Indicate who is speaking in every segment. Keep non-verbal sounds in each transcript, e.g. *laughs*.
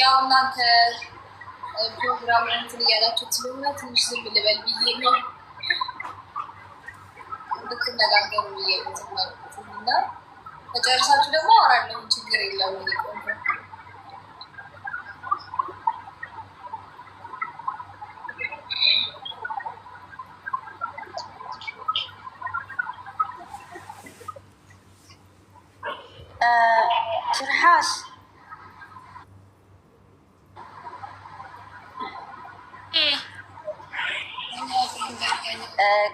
Speaker 1: ያው እናንተ ፕሮግራም እንትን እያላችሁ ስለሆነ ትንሽ ዝም ልበል ብዬ ነው እንድትነጋገሩ ብዬ እና መጨረሻችሁ ደግሞ አወራለሁ። ችግር የለም። ትርሃስ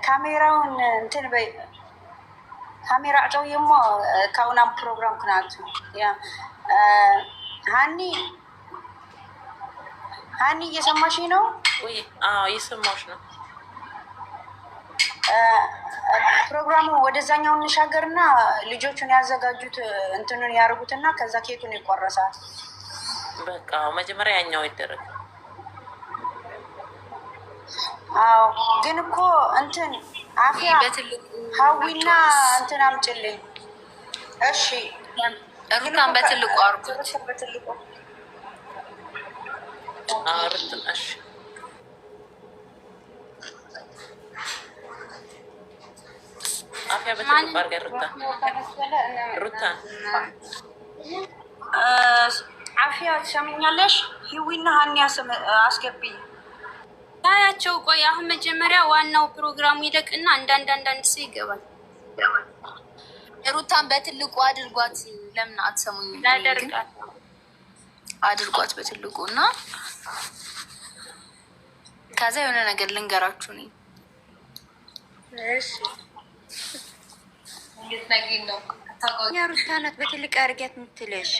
Speaker 1: ካሜራውን እንትን በይ ካሜራ አጨው የሞ ካውናም ፕሮግራም ክናቱ ያ ሀኒ ሀኒ እየሰማሽ ነው?
Speaker 2: አዎ እየሰማሽ ነው።
Speaker 1: ፕሮግራሙ ወደዛኛው እንሻገር እንሻገርና ልጆቹን ያዘጋጁት እንትኑን ያደርጉትና ከዛ ኬቱን ይቆረሳል።
Speaker 2: በቃ መጀመሪያ ያኛው ይደረግ።
Speaker 1: አዎ ግን እኮ እንትን አፍያ ሀዊና እንትን አምጭልኝ። እሺ
Speaker 2: ሩታን በትልቁ አርጉት።
Speaker 1: አፍያ በትልቁ አርጋ ሩታን አፍያ ትሰምኛለሽ? ሂዊና ሀኒያ አስገብኝ
Speaker 2: ታያቸው። ቆይ አሁን መጀመሪያ ዋናው ፕሮግራሙ ይለቅና አንዳንድ አንዳንድ ሰው ይገባል። ሩታን በትልቁ አድርጓት። ለምን አትሰሙኝ?
Speaker 1: ላደርጋት
Speaker 2: አድርጓት በትልቁ እና ከዛ የሆነ ነገር ልንገራችሁ ነኝ ሩታ ናት በትልቅ አድርጊያት የምትለሽ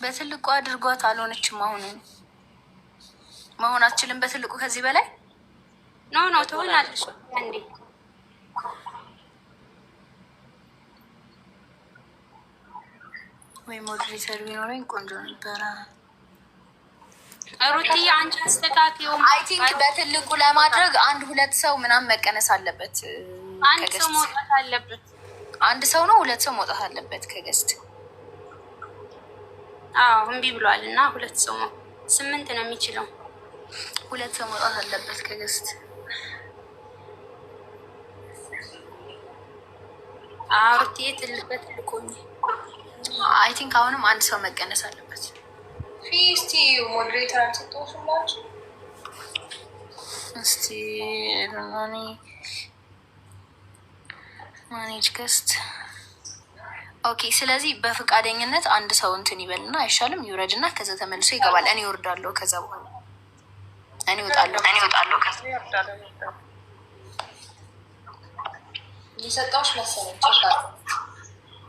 Speaker 2: በትልቁ አድርጓት አልሆነችም። አሁን መሆን አትችልም በትልቁ ከዚህ በላይ
Speaker 1: ኖ ኖ ትሆናለች። እንዴ
Speaker 2: ወይ ሞዴሬተር ቢኖረኝ ቆንጆ ነበረ።
Speaker 1: ሩቲ አንቺ አስተካክዩ።
Speaker 2: አይ ቲንክ በትልቁ ለማድረግ አንድ ሁለት ሰው ምናምን መቀነስ አለበት።
Speaker 1: አንድ ሰው መውጣት አለበት።
Speaker 2: አንድ ሰው ነው ሁለት ሰው መውጣት አለበት ከገስት አዎ እምቢ ብሏል እና ሁለት ሰው ነው ስምንት ነው የሚችለው። ሁለት ሰው መውጣት አለበት ከገስት አውርቴ ትልበት ልኮኝ አይ ቲንክ አሁንም አንድ ሰው መቀነስ አለበት።
Speaker 1: ፊስቲ ሞዴሬተር አልሰጠሽላችሁ
Speaker 2: እስቲ ሮኒ ማኔጅ ገስት ኦኬ። ስለዚህ በፍቃደኝነት አንድ ሰው እንትን ይበልና አይሻልም? ይውረድና ከዛ ተመልሶ ይገባል። እኔ ይወርዳለሁ፣ ከዛ በኋላ እኔ እወጣለሁ፣ እኔ እወጣለሁ። ከዛ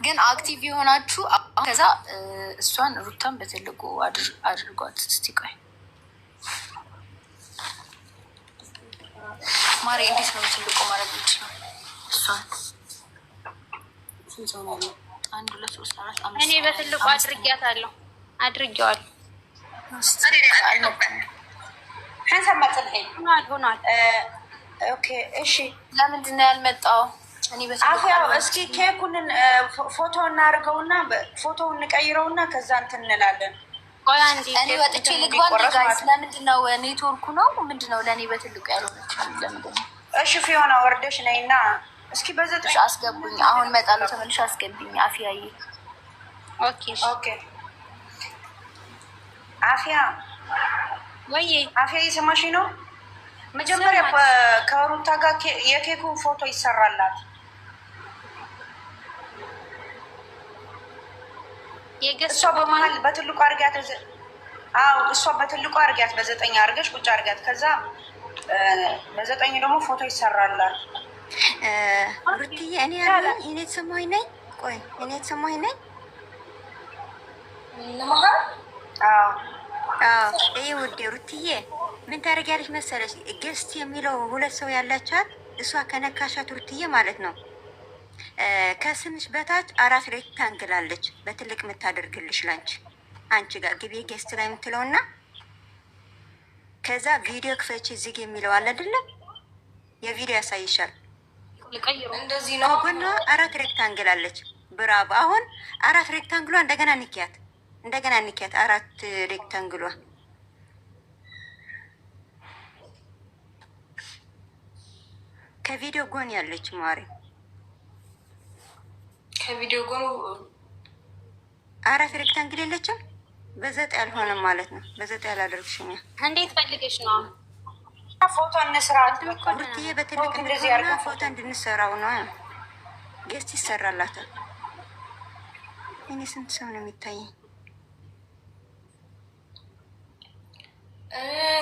Speaker 2: ግን አክቲቭ የሆናችሁ ከዛ እሷን ሩታን በትልቁ አድርጓት። እስቲ ቆይ ማሪ፣ እንዴት ነው ትልቁ ማለት ነው? እሷን
Speaker 1: እኔ በትልቁ አድርጊያታለሁ አድርጊዋለሁ። እሺ
Speaker 2: ለምንድን ነው ያልመጣው?
Speaker 1: እስኪ ኬኩን ፎቶ እናድርገውና ፎቶውን እንቀይረውና ከዛ እንትን እንላለን።
Speaker 2: እኔ ወጥቼ ልግባ። ለምንድን ነው ኔትወርኩ ነው ምንድን ነው? ለእኔ በትልቁ ያልሆነች ለምንድን
Speaker 1: ነው? እሺ ፊዮና ወርደሽ ነይና እስኪ በዘጠኝ
Speaker 2: አስገቡኝ። አሁን እመጣለሁ። ተመልሼ አስገቡኝ። አፍያዬ
Speaker 1: ኦኬ ኦኬ። አፍያ ወይ አፍያ እየሰማሽኝ ነው? መጀመሪያ ከሩታ ጋር የኬኩ ፎቶ ይሰራላት። እሷ በመሀል በትልቁ አድርጊያት። አዎ እሷ በትልቁ አድርጊያት፣ በዘጠኝ አድርገሽ ቁጭ አድርጊያት። ከዛ በዘጠኝ ደግሞ ፎቶ ይሰራላት።
Speaker 2: ሩትዬ እኔ ያለኝ እኔ ተሰማኝ ነኝ። ቆይ እኔ ተሰማኝ ነኝ። ይህ ውዴ ሩትዬ ምን ታደርጊያለሽ መሰለሽ፣ የሚለው ሁለት ሰው ያላቻት እሷ ከነካሻት ሩትዬ ማለት ነው ከስምሽ በታች አራት ሬክታንግላለች በትልቅ የምታደርግልሽ ላንቺ አንቺ ጋር ግቢ ጌስት ላይ የምትለውና ከዛ ቪዲዮ ክፈች ዝግ የሚለው አለ አይደለም? የቪዲዮ ያሳይሻል። እንደዚህ ነው። ጎኗ አራት ሬክታንግል አለች። ብራብ አሁን አራት ሬክታንግሏ እንደገና ንኪያት፣ እንደገና ንኪያት። አራት ሬክታንግሏ ከቪዲዮ ጎን ያለች ማሪ
Speaker 1: ከቪዲዮ ጎን
Speaker 2: አራት ሬክታንግል የለችም። በዘጠ ያልሆነም ማለት ነው። በዘጠ ያላደርግሽኛል።
Speaker 1: እንዴት ፈልገሽ ነው? ፎቶ እንስራ
Speaker 2: ሩትዬ፣ በትልቅ ፎቶ እንድንሰራው ነው። ጌስት ይሰራላታል። እኔ ስንት ሰው ነው የሚታየኝ?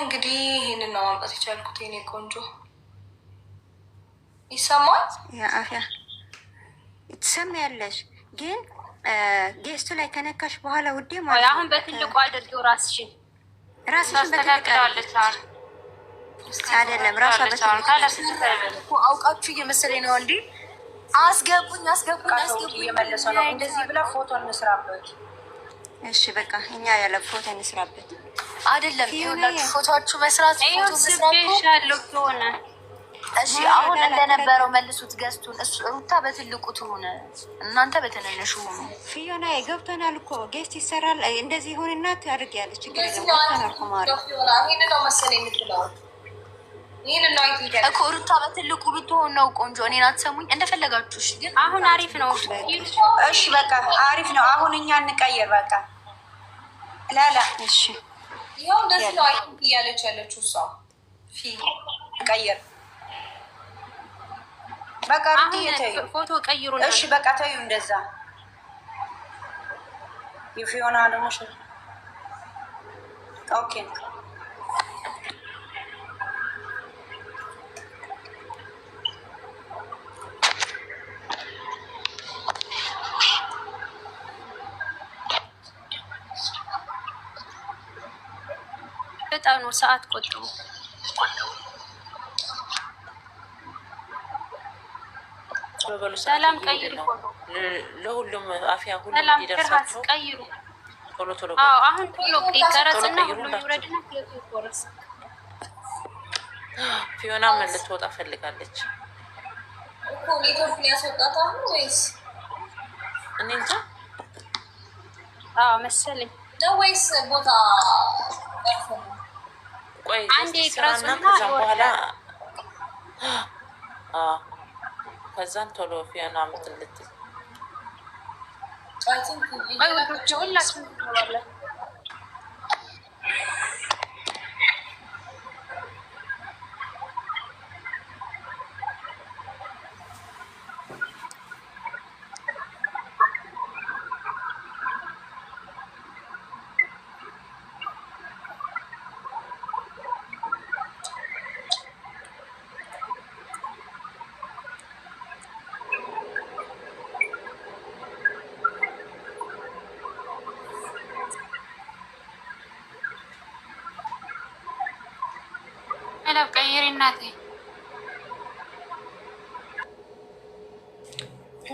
Speaker 1: እንግዲህ ይህንን ነው ማምጣት የቻልኩት። የኔ ቆንጆ ይሰማል።
Speaker 2: ትሰሚያለሽ ግን ጌስቱ ላይ ከነካሽ በኋላ ውዴ፣
Speaker 1: ማለት አሁን በትልቁ አድርጊው ራስሽን ራስሽን በትልቅ አይደለም ራሷ አውቃችሁ እየመሰለኝ ነው። እንዲ አስገቡኝ አስገቡኝ አስገቡኝ እየመለሰ ነው። እንደዚህ ብላ ፎቶ እንስራበት።
Speaker 2: እሺ በቃ እኛ ያለ ፎቶ እንስራበት።
Speaker 1: አይደለም ፎቶችሁ መስራት
Speaker 2: እሺ አሁን እንደነበረው መልሱት። ገዝቱን እሱ ሩታ በትልቁ ትሆነ፣ እናንተ በትንንሹ ሆኑ።
Speaker 1: ፊዮና ገብተናል እኮ ጌስት ይሰራል እንደዚህ ሆንና ታርግ ያለች ነው መሰለኝ የምትለው
Speaker 2: እኮ ሩታ በትልቁ ብትሆን ነው ቆንጆ። እኔን አትሰሙኝ እንደፈለጋችሁ። እሺ፣ ግን አሁን አሪፍ ነው።
Speaker 1: እሺ፣ በቃ አሪፍ ነው። አሁን እኛ እንቀይር። በቃ ላላ፣ እሺ፣ ይኸው እንደዚህ ነው እያለች ያለችው እሷ። ቀይር፣ በቃ ፎቶ ቀይሩ። እሺ፣ በቃ ተዩ እንደዛ ይፍ የሆነ ደግሞ ኦኬ
Speaker 2: ነው። ሰዓት ቆጥቡ። ሰላም ቀይሩ፣ ለሁሉም አፍያ ሁሉ
Speaker 1: ይደርሳቸው። ቀይሩ ቶሎ ቶሎ። አዎ አሁን ቶሎ ይቀረጽና ሁሉም ይውረድና ይቆረጽ።
Speaker 2: ፊዮናም ልትወጣ ፈልጋለች
Speaker 1: እኮ ኔትወርክ ያስወጣት አሁን ወይስ እኔ እንጃ። አዎ መሰለኝ ነው ወይስ ቦታ
Speaker 2: አንዴ ይቅረሱና በኋላ *gasps* ከዛን ቶሎ ፊዮና ምትልትል ሁላችን
Speaker 1: ቀለብ ቀይሪ እናቴ።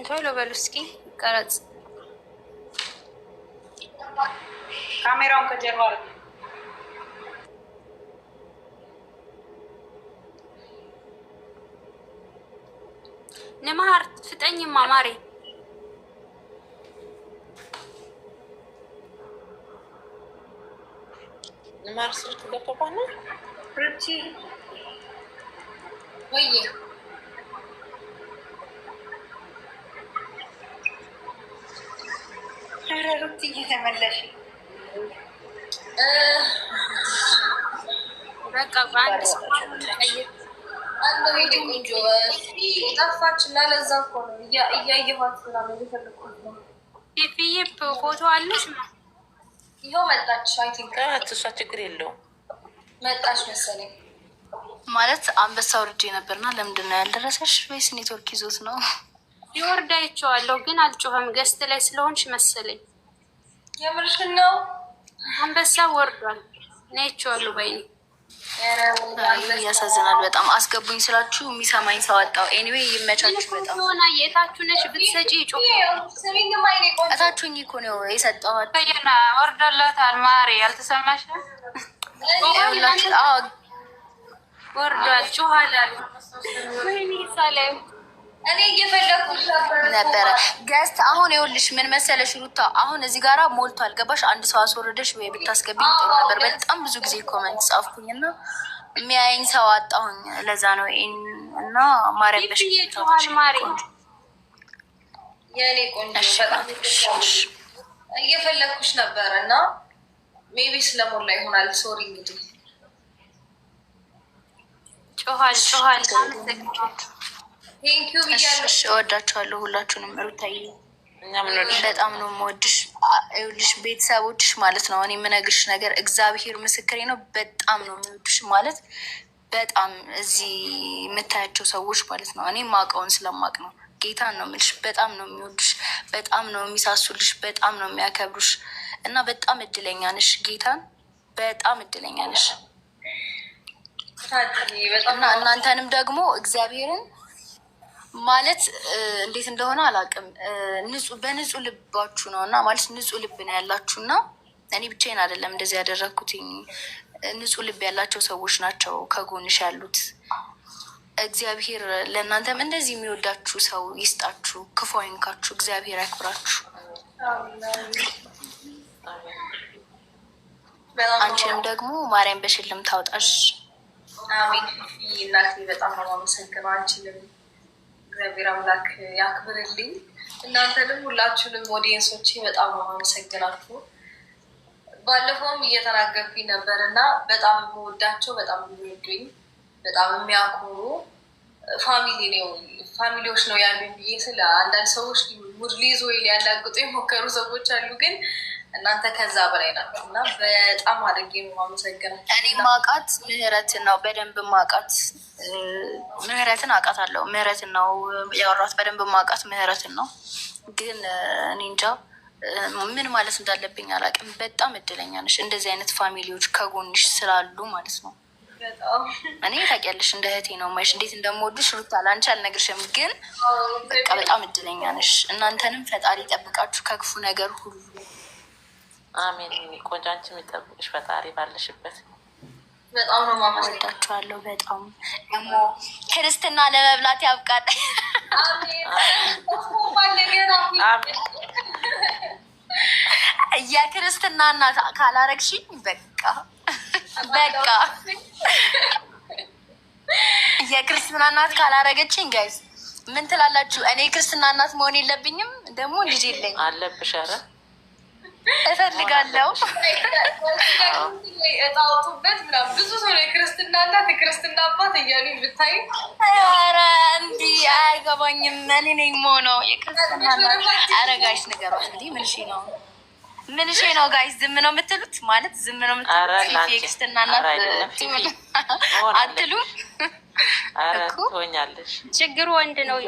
Speaker 2: ቶሎ በሉ እስኪ ቀረጽ።
Speaker 1: ካሜራውን ከጀርባ
Speaker 2: ንመሃር ፍጠኝማ ማሬ ማር ስልክ ገብቶባት ነው
Speaker 1: ወይ? ረሩት እየተመለሽ
Speaker 2: በቃ በአንድ
Speaker 1: ጠፋች ለዛ እኮ ነው እያየኋት ፎቶ አለሽ? ይኸው መጣች። አይ ቲንክ
Speaker 2: እሷ ችግር የለውም
Speaker 1: መጣች መሰለኝ።
Speaker 2: ማለት አንበሳ ወርጄ ነበርና ለምንድን ነው ያልደረሰሽ? ወይስ ኔትወርክ ይዞት ነው?
Speaker 1: ይወርድ አይቼዋለሁ፣ ግን አልጮኸም። ገስት ላይ ስለሆንሽ መሰለኝ። የምርሽን ነው?
Speaker 2: አንበሳ ወርዷል። እኔ አይቼዋለሁ ባይኔ ያሳዝናል በጣም አስገቡኝ ስላችሁ የሚሰማኝ ሰው አጣው። ኤኒዌይ ይመቻችሁ።
Speaker 1: በጣም የታችሁ ነሽ ብትሰጪ ጩ
Speaker 2: እታችሁኝ እኮ ነው የሰጠኋት
Speaker 1: ወርዶላታል። ማሪ አልተሰማሽ ወርዷል። ጩኋላል እኔ
Speaker 2: ነበረ ገዝት። አሁን ይኸውልሽ ምን መሰለሽ ሩታ፣ አሁን እዚህ ጋራ ሞልቷል። ገባሽ? አንድ ሰው አስወረደሽ ወይ ብታስገብኝ ጥሩ ነበር። በጣም ብዙ ጊዜ ኮመንት ጻፍኩኝ እና የሚያየኝ ሰው አጣሁኝ። ለዛ ነው እና ማርያም
Speaker 1: በሽ የእኔ ቆንጆ እየፈለኩሽ ነበር እና ሜቢ ስለሞላ ይሆናል። ሶሪ እንግዲህ
Speaker 2: ጮኋል ጮኋል እወዳችኋለሁ ሁላችሁንም። ሩታዬ በጣም ነው የምወድሽ። ይኸውልሽ ቤተሰቦችሽ ማለት ነው እኔ የምነግርሽ ነገር እግዚአብሔር ምስክሬ ነው። በጣም ነው የምወድሽ ማለት በጣም እዚህ የምታያቸው ሰዎች ማለት ነው እኔ ማውቀውን ስለማውቅ ነው። ጌታን ነው የምልሽ። በጣም ነው የሚወዱሽ፣ በጣም ነው የሚሳሱልሽ፣ በጣም ነው የሚያከብሩሽ እና በጣም እድለኛ ነሽ። ጌታን በጣም እድለኛ ነሽ እና እናንተንም ደግሞ እግዚአብሔርን ማለት እንዴት እንደሆነ አላውቅም። በንጹህ ልባችሁ ነው እና ማለት ንጹህ ልብ ነው ያላችሁ እና እኔ ብቻዬን አይደለም እንደዚህ ያደረግኩትኝ። ንጹህ ልብ ያላቸው ሰዎች ናቸው ከጎንሽ ያሉት። እግዚአብሔር ለእናንተም እንደዚህ የሚወዳችሁ ሰው ይስጣችሁ፣ ክፉ አይንካችሁ፣ እግዚአብሔር ያክብራችሁ። አንቺንም ደግሞ ማርያም በሽልም ታውጣሽ።
Speaker 1: አሜን። እናቴ በጣም ነው ማመሰግነው አንቺንም እግዚአብሔር አምላክ ያክብርልኝ። እናንተንም ሁላችሁንም ኦዲየንሶቼ በጣም ነው አመሰግናችሁ። ባለፈውም እየተናገርኩኝ ነበር እና በጣም የምወዳቸው በጣም የሚወዱኝ በጣም የሚያኮሩ ፋሚሊ ነው ፋሚሊዎች ነው ያሉኝ ብዬ ስለ አንዳንድ ሰዎች ሙድ ወይ ሊያላግጡ የሞከሩ ሰዎች አሉ፣ ግን እናንተ ከዛ በላይ ናቸው እና በጣም አድርጌ ማመሰግናል።
Speaker 2: እኔ ማቃት ምህረትን ነው በደንብ ማቃት ምህረትን አውቃታለሁ። ምህረትን ነው ያወራት በደንብ ማቃት ምህረትን ነው። ግን እኔ እንጃ ምን ማለት እንዳለብኝ አላውቅም። በጣም እድለኛ ነሽ እንደዚህ አይነት ፋሚሊዎች ከጎንሽ ስላሉ ማለት ነው። እኔ ታውቂያለሽ፣ እንደ እህቴ ነው ማሽ እንዴት እንደምወድሽ ሩታ ላንቺ አልነግርሽም፣ ግን በቃ በጣም እድለኛ ነሽ። እናንተንም ፈጣሪ ይጠብቃችሁ ከክፉ ነገር ሁሉ። አሜን። ቆንጆ፣ አንቺም ይጠብቅሽ ፈጣሪ ባለሽበት። በጣም ነው ማወዳችኋለሁ። በጣም ደግሞ ክርስትና ለመብላት ያብቃል። የክርስትና እናት ካላረግሽኝ በቃ በቃ የክርስትና እናት ካላረገችኝ ጋይዝ ምን ትላላችሁ? እኔ ክርስትና እናት መሆን የለብኝም? ደግሞ ልጅ የለኝ አለብሽ። ኧረ እፈልጋለሁ።
Speaker 1: እጣውጡበት ምናምን ብዙ ሰው የክርስትና እናት የክርስትና አባት እያሉ ብታይ፣
Speaker 2: ኧረ እንዲህ አይገባኝም። እኔ ነኝ መሆነው የክርስትና እናት አረጋሽ ነገር እንዲህ ምንሽ ነው ምን ሽ ነው ጋይስ? ዝም ነው የምትሉት ማለት ዝም ነው የምትሉት አትሉም እኮ ችግሩ ወንድ ነው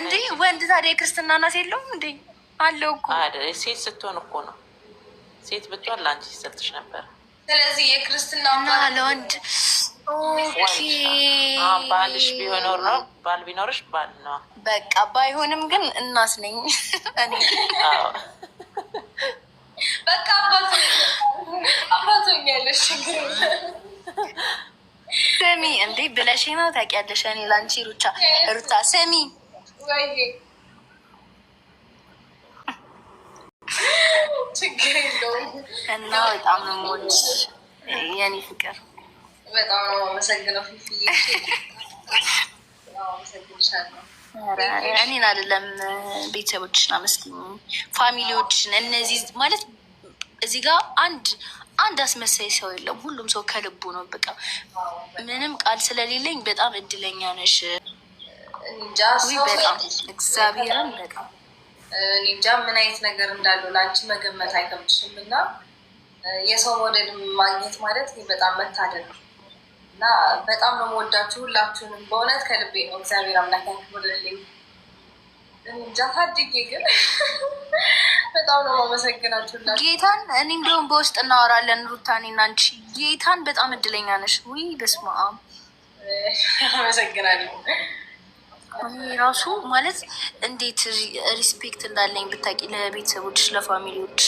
Speaker 2: እንዴ? ወንድ ታዲያ የክርስትና እናት የለውም እንዴ? አለው እኮ ሴት ስትሆን እኮ ነው። ሴት ብትሆን ለአንቺ ይሰጥሽ ነበር።
Speaker 1: ስለዚህ የክርስትና
Speaker 2: ለወንድ ባልሽ ነው ባል ቢኖርሽ ባል ነው በቃ ባይሆንም ግን እናት ነኝ *laughs*
Speaker 1: በቃ አባቶኛለሽ ችግር
Speaker 2: ስሚ እንዴ ብለሽ ነው ታውቂያለሽ እኔ ሩታ ስሚ
Speaker 1: ችግር የለውም
Speaker 2: እና በጣም ነው የምወድሽ የኔ ፍቅር
Speaker 1: በጣም ነው አመሰግነው ፊፊዬ።
Speaker 2: እኔን አይደለም ቤተሰቦችሽን አመስግኝ፣ ፋሚሊዎችን እነዚህ ማለት እዚህ ጋር አንድ አንድ አስመሳይ ሰው የለም። ሁሉም ሰው ከልቡ ነው። በቃ ምንም ቃል ስለሌለኝ በጣም እድለኛ ነሽ። በጣም እግዚአብሔርን በጣም
Speaker 1: እንጃ ምን አይነት ነገር እንዳለው ለአንቺ መገመት አይከብድሽም እና የሰው ወደድ ማግኘት ማለት በጣም መታደል ነው። እና በጣም ነው የምወዳችሁ ሁላችሁንም በእውነት ከልቤ ነው። እግዚአብሔር አምላክ ያክብርልኝ። እንጃ ታድጌ ግን *laughs* በጣም ነው የማመሰግናችሁ
Speaker 2: ሁላችሁ ጌታን። እኔ እንደውም በውስጥ እናወራለን ሩታኔ እና አንቺ ጌታን በጣም እድለኛ ነሽ። ውይ በስመ አብ
Speaker 1: *laughs* አመሰግናለሁ።
Speaker 2: ራሱ ማለት እንዴት ሪስፔክት እንዳለኝ ብታውቂ ለቤተሰቦች ለፋሚሊዎች